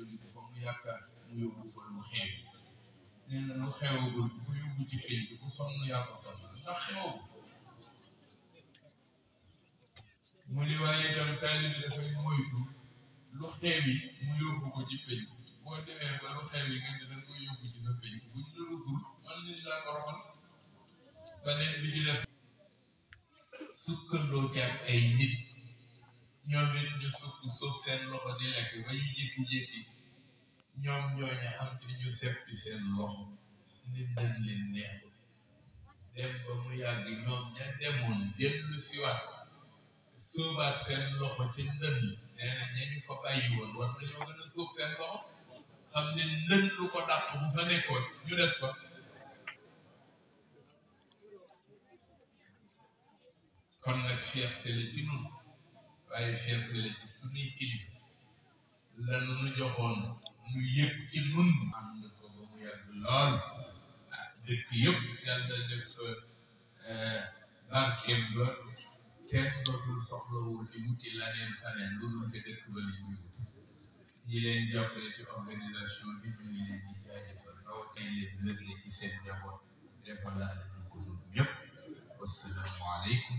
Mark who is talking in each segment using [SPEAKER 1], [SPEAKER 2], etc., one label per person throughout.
[SPEAKER 1] yóbbu mu yaakaar mu yóbbu fa lu xew nee na lu xewagul bu ko yóbbu ci pénc bu sonn yàlla sonn ndax xewagul mu ni waaye itam taalib bi dafay moytu lu xew yi mu yóbbu ko ci pénc boo demee ba lu xew yi nga ne koy yóbbu ci sa pénc buñ la rusul man nañ laa ko roxal beneen bi ci def sukkandoo ci ay nit ñoom it ñu suuf suuf seen loxo di lekk ba ñu jékki-jékki ñoom ñooñu am ci ñu seppi seen loxo nit dañ leen neexul dem ba mu yàgg ñoom ña demoon dellu siwaat sóobaat seen loxo ci ndënd nee na ña ñu fa bàyyi woon war nañoo gën a suuf seen loxo xam ne ndënd lu ko dàq bu fa nekkoon ñu def fa kon nag fierté la ci noonu waaye Cheikh Wele di suñuy kilifa lanu nu joxoon nu yëg ci nun am na ko ba mu yàgg lool ah dëkk yëpp yàlla def barkeem ba kenn dootul soxla woo ci wuti la neen faneen loolu ca dëkk ba la ñu wuti ñi leen jàppale ci organisation bi ñu ngi leen di jaajëfal rawatina leen lëgle ci seen njaboot defal laa leen ko ñun ñëpp wassalaamu aleykum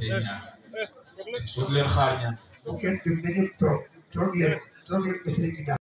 [SPEAKER 1] te ñaan soog leen xaar ñaan. to leen toog leen